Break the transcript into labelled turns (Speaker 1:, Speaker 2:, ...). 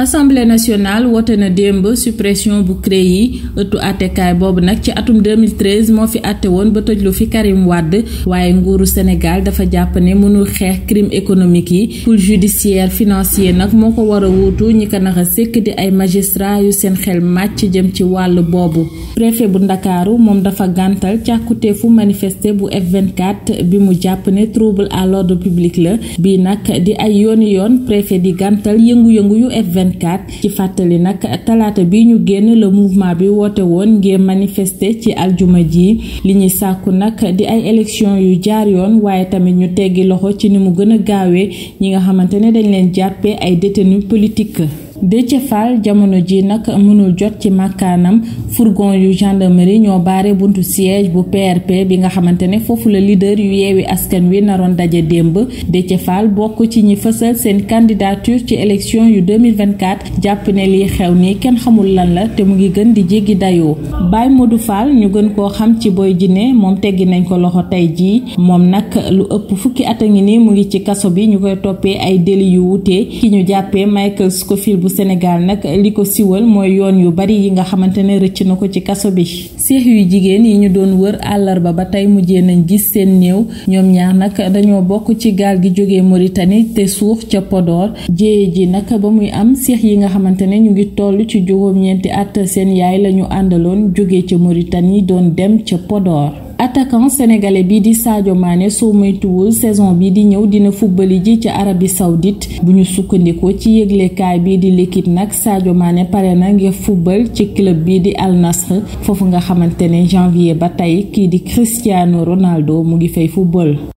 Speaker 1: assemblée nationale woote na démb suppression bu yi ëttu àttekaay boobu nag ci atum 2013 moo fi àtte woon ba tëjlu fi Karim Wade waaye nguuru Sénégal dafa jàpp ne mënul xeex crime économique yi pour judiciaire financier nag moo ko war a wuutu ñi ko nax sëkk di ay magistrat yu seen xel màcc jëm ci wàll boobu préfet bu Ndakaaru moom dafa gàntal càkkuteefu manifester bu F24 bi mu jàpp ne trouble à l'ordre public la bi nag di ay yooni yoon préfet di gàntal yëngu yu f 2024 ci fàttali nag talaata bi ñu génn la mouvement bi woote woon ngir manifester ci aljuma ji li ñuy sàkku nag di ay élection yu jaar yoon waaye tamit ñu teggi loxo ci ni mu gën a gaawee ñi nga xamante ne dañ leen jàppee ay détenus politique Déthié Fall jamono ji nag mënul jot ci màkkaanam fourgon yu gendarmerie ñoo baare buntu siège bu PRP bi nga xamante ne foofu la leader yu yeewi askan wi naroon daje démb Déthié Fall bokk ci ñi fësal seen candidature ci élection yu 2024 jàpp ne lii xew ni kenn xamul lan la te mu ngi gën di jéggi dayoo Baye Modou Fall ñu gën koo xam ci booy jinne moom teggi nañ ko loxo tey jii moom nag lu ëpp fukki at a ngi nii mu ngi ci kaso bi ñu koy toppee ay délit bu Sénégal nag li ko siwal mooy yoon yu bari yi nga xamante ne rëcc na ko ci kaso bi seex yu jigéen yi ñu doon wër àllarba ba tey mujjee nañ gis seen néew ñoom ñaar nag dañoo bokk ci gaal gi jóge moritani te suux ca podoor jéeye ji nag ba muy am seex yi nga xamante ne ñu ngi toll ci juróom-ñeenti at seen yaay lañu àndaloon jóge ca Mauritanie doon dem ca podoor attaquant sénégalais bi di Sadio maane soo moytuwul saison bi di ñëw dina fubbali ji ci Arabie Saoudite bu ñu sukkandikoo ci yëglekaay bi di L'Équipe nag Sadio maane pare na ngir fubbal ci club bi di Al Nassr foofu nga xamante ne janvier ba tey kii di Cristiano Ronaldo mu ngi fay football